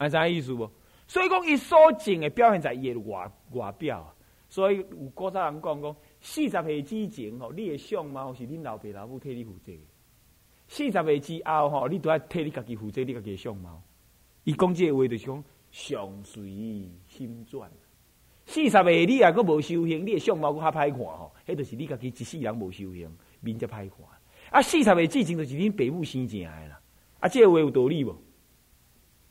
安啥、啊、意思不？所以講，伊所證嘅表現在伊嘅外外表。所以有古早人講講，四十歲之前吼，你嘅相貌是恁老爸老母替你負責；四十歲之後吼，你都要替你家己負責你家己相貌。伊講這個話就是講相隨心轉。四十歲你啊佫無修行，你嘅相貌佫較歹看吼，迄就是你家己一世人無修行，面才歹看。啊，四十歲之前就是恁爸母生正嘅啦。啊，這個、話有道理不？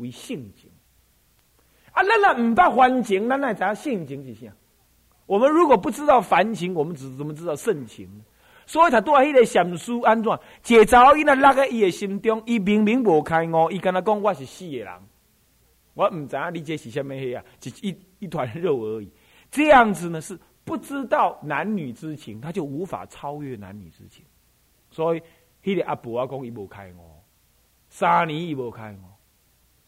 為性情啊！那那唔把煩情那那咋性情是啥？我們如果不知道煩情，我們怎怎麼知道性情？所以那他對阿迄個賢書安裝解查一伊呢落喺伊心中，伊明明無開我，伊跟他講我是死嘅人，我唔怎樣理解？是下面係啊，一一,一團肉而已。這樣子呢，是不知道男女之情，他就無法超越男女之情。所以，迄、那個阿婆阿公伊無開我，三年伊無開我。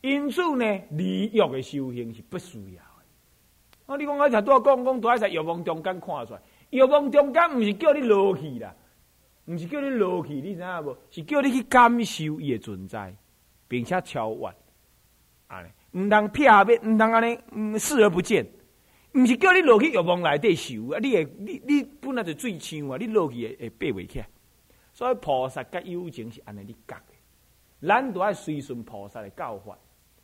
因此呢，禮樂的修行是不需要的。啊、你說我你講我才多講講，多愛在欲望中間看出來，欲望中間毋是叫你落去啦，毋是叫你落去，你知影無？是叫你去感受伊的存在，並且超越。啊，毋通撇下邊，毋通安尼，視而不見。毋是叫你落去欲望內底修啊！你會你你本來就最淺啊！你落去會會爬唔起來。所以菩薩甲友情是安尼你講的咱都要隨順菩薩的教法。